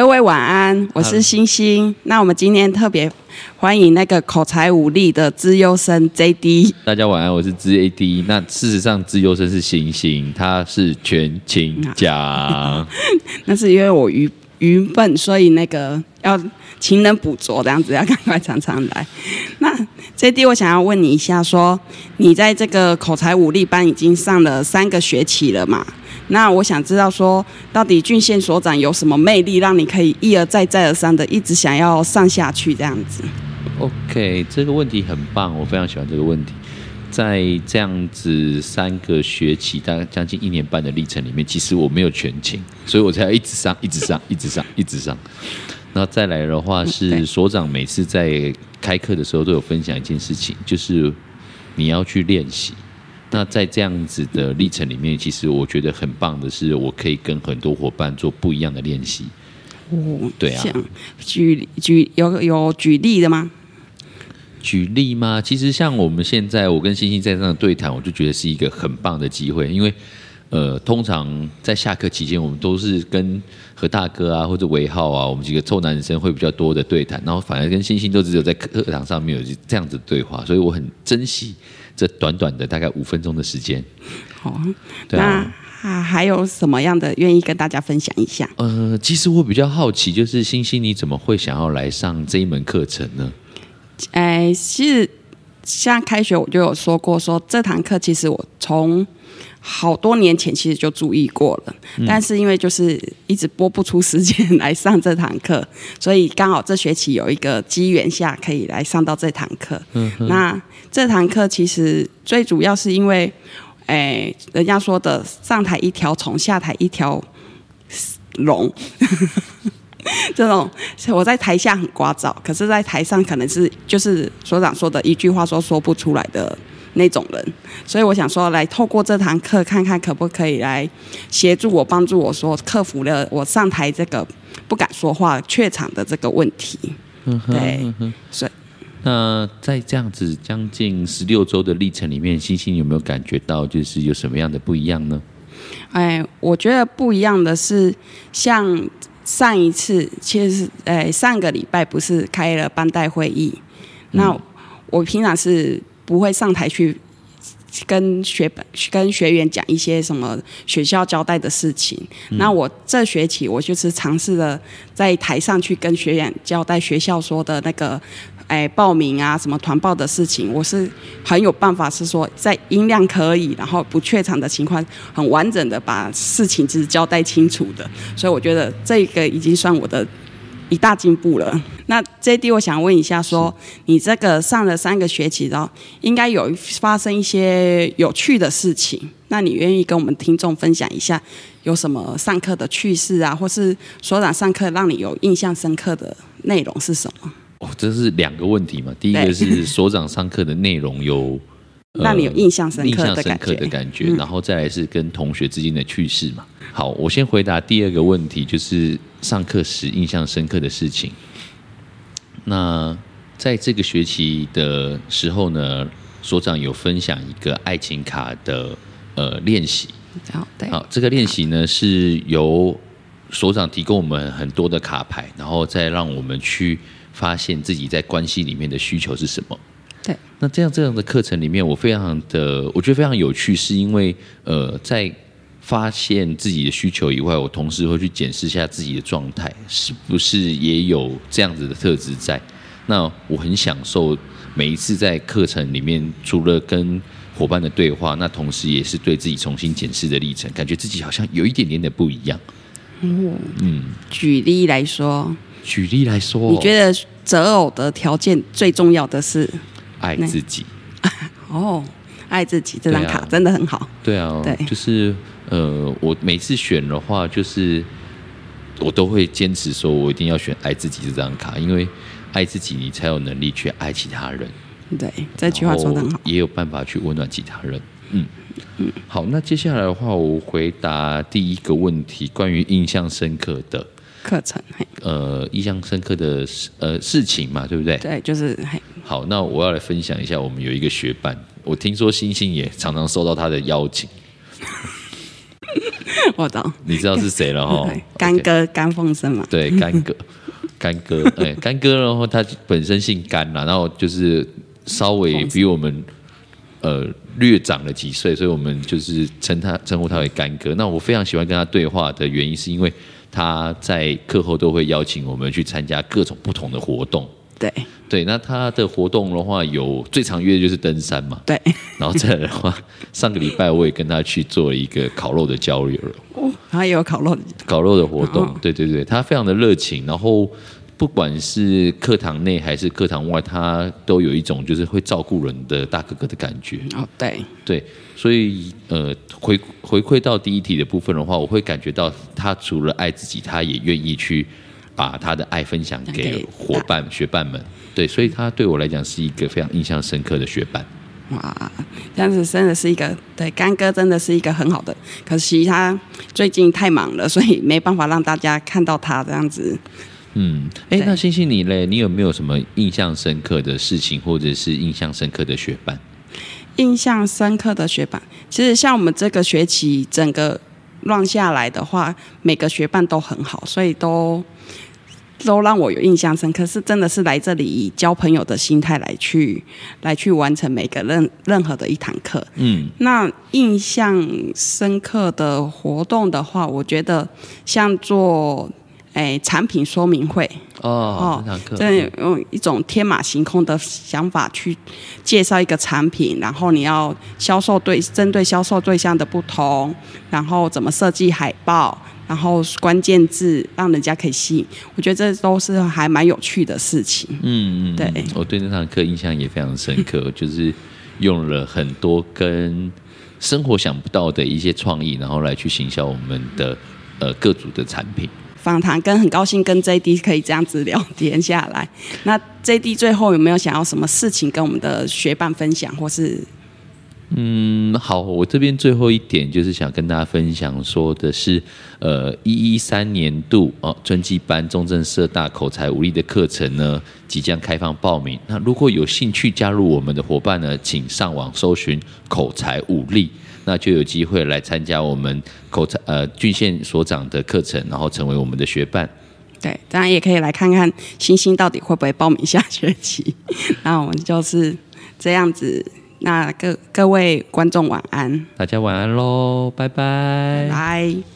各位晚安，我是星星。啊、那我們今天特別歡迎那個口才五力的資優生 JD。大家晚安，我是 JD。那事實上，資優生是星星，他是全勤獎。那是因為我愚愚笨，所以那個要勤能補拙，這樣子要趕快常常來。那 JD，我想要問你一下，說你在這個口才五力班已經上了三個學期了嘛？那我想知道說，到底俊憲所長有什麼魅力，讓你可以一而再、再而三的一直想要上下去這樣子？OK，這個問題很棒，我非常喜歡這個問題。在這樣子三個學期，大概將近一年半的歷程裡面，其實我沒有全勤，所以我才要一直上、一直上、一直上、一直上。那再來的話是，所長每次在開課的時候都有分享一件事情，就是你要去練習。那在這樣子的歷程裡面，其實我覺得很棒的是，我可以跟很多夥伴做不一樣的練習。哦，對啊，舉舉有有舉例的嗎？舉例嗎？其實像我們現在，我跟星星在這樣的對談，我就覺得是一個很棒的機會，因為呃，通常在下課期間，我們都是跟何大哥啊或者韋浩啊，我們幾個臭男生會比較多的對談，然後反而跟星星都只有在課堂上面有這樣子的對話，所以我很珍惜。這短短的大概五分鐘的時間，好、哦，那對、啊、還有什麼樣的願意跟大家分享一下？呃，其實我比較好奇，就是星星，你怎麼會想要來上這一門課程呢？呃，其實像開學我就有說過說，說這堂課其實我從。好多年前其實就注意過了，嗯、但是因為就是一直播不出時間來上這堂課，所以剛好這學期有一個機緣下可以來上到這堂課。嗯哼，那這堂課其實最主要是因為，哎、欸，人家說的上台一條蟲，下台一條龍， 這種我在台下很聒噪，可是在台上可能是就是所長說的一句話說說不出來的。那種人，所以我想說，來透過這堂課看看，可不可以來協助我、幫助我說克服了我上台這個不敢說話怯場的這個問題。嗯哼，對，所以，那在這樣子將近十六周的歷程裡面，星星有沒有感覺到，就是有什麼樣的不一樣呢？哎，我覺得不一樣的是，像上一次，其實哎，上個禮拜不是開了班代會議，那我，嗯，我平常是。不會上臺去跟學跟學員講一些什麼學校交代的事情。嗯。那我這學期我就是嘗試的在台上去跟學員交代學校說的那個，哎，報名啊，什麼團報的事情，我是很有辦法，是說在音量可以，然後不怯場的情況，很完整的把事情就是交代清楚的。所以我覺得這個已經算我的。一大進步了。那 JD，我想問一下說，說是你這個上了三個學期然後，應該有發生一些有趣的事情。那你願意跟我們聽眾分享一下，有什麼上課的趣事啊，或是所長上課讓你有印象深刻的內容是什麼？哦，這是兩個問題嘛。第一個是所長上課的內容有對、 呃、讓你有印象深刻的感覺，感覺嗯、然後再來是跟同學之間的趣事嘛。好，我先回答第二個問題，就是上課時印象深刻的事情。那在這個學期的時候呢，所長有分享一個愛情卡的呃練習。好，對。好，這個練習呢是由所長提供我們很多的卡牌，然後再讓我們去發現自己在關係裡面的需求是什麼。對。那這樣這樣的課程裡面，我非常的，我覺得非常有趣，是因為呃在。發現自己的需求以外，我同時會去檢視一下自己的狀態，是不是也有這樣子的特質在？那我很享受每一次在課程裡面，除了跟夥伴的對話，那同時也是對自己重新檢視的歷程，感覺自己好像有一點點的不一樣。嗯，舉例來說，舉例來說，你覺得擇偶的條件最重要的是？愛自己。 哦，愛自己這張卡真的很好。對啊，對啊，對，就是。呃，我每次選的話，就是我都會堅持說，我一定要選愛自己這張卡，因為愛自己，你才有能力去愛其他人。對，這句話說得很好，也有辦法去溫暖其他人。嗯，嗯，好，那接下來的話，我回答第一個問題，關於印象深刻的課程，呃，印象深刻的事，呃，事情嘛，對不對？對，就是好。那我要來分享一下，我們有一個學伴，我聽說星星也常常收到他的邀請。我懂你知道是誰了哈？甘哥，甘鳳生嘛。對，甘哥 Okay.，甘哥，哎，甘哥， 然後他本身姓甘嘛，然後就是稍微比我們盛呃略長了幾歲，所以我們就是稱他稱呼他為甘哥。那我非常喜歡跟他對話的原因，是因為他在課後都會邀請我們去參加各種不同的活動。對對，那他的活動的話有，有最常約的就是登山嘛。對。 然後再來的話，上個禮拜我也跟他去做了一個烤肉的交流了。哦，他也有烤肉。烤肉的活動，對對對，他非常的熱情。然後不管是課堂內還是課堂外，他都有一種就是會照顧人的大哥哥的感覺。哦，對對，所以呃回回饋到第一題的部分的話，我會感覺到他除了愛自己，他也願意去把他的愛分享給夥伴、學伴們。對，所以他對我來講是一個非常印象深刻的學伴。哇，這樣子真的是一個，對，乾哥真的是一個很好的，可惜他最近太忙了，所以沒辦法讓大家看到他這樣子。嗯，哎、欸，對那星星你嘞？你有沒有什麼印象深刻的事情，或者是印象深刻的學伴？印象深刻的學伴，其實像我們這個學期整個亂下來的話，每個學伴都很好，所以都。都讓我有印象深刻，可是真的是來這裡以交朋友的心態來去，來去完成每個任任何的一堂課。嗯，那印象深刻的活動的話，我覺得像做誒產品說明會哦，哦這樣用一種天馬行空的想法去介紹一個產品，然後你要銷售對針對銷售對象的不同，然後怎麼設計海報。然後關鍵字讓人家可以吸引，我覺得這都是還蠻有趣的事情。嗯嗯，對，我對那堂課印象也非常深刻，嗯、就是用了很多跟生活想不到的一些創意，然後來去行銷我們的呃各組的產品。訪談跟很高興跟 JD 可以這樣子聊天下來。那 JD 最後有沒有想要什麼事情跟我們的學伴分享，或是？嗯，好，我這邊最後一點就是想跟大家分享，說的是，呃，一一三年度哦，春季班中正社大口才五力的課程呢，即將開放報名。那如果有興趣加入我們的夥伴呢，請上網搜尋口才五力，那就有機會來參加我們口才呃郡縣所長的課程，然後成為我們的學伴。對，當然也可以來看看星星到底會不會報名下學期。那我們就是這樣子。那各、個、各位觀眾晚安，大家晚安嘍，拜拜，拜。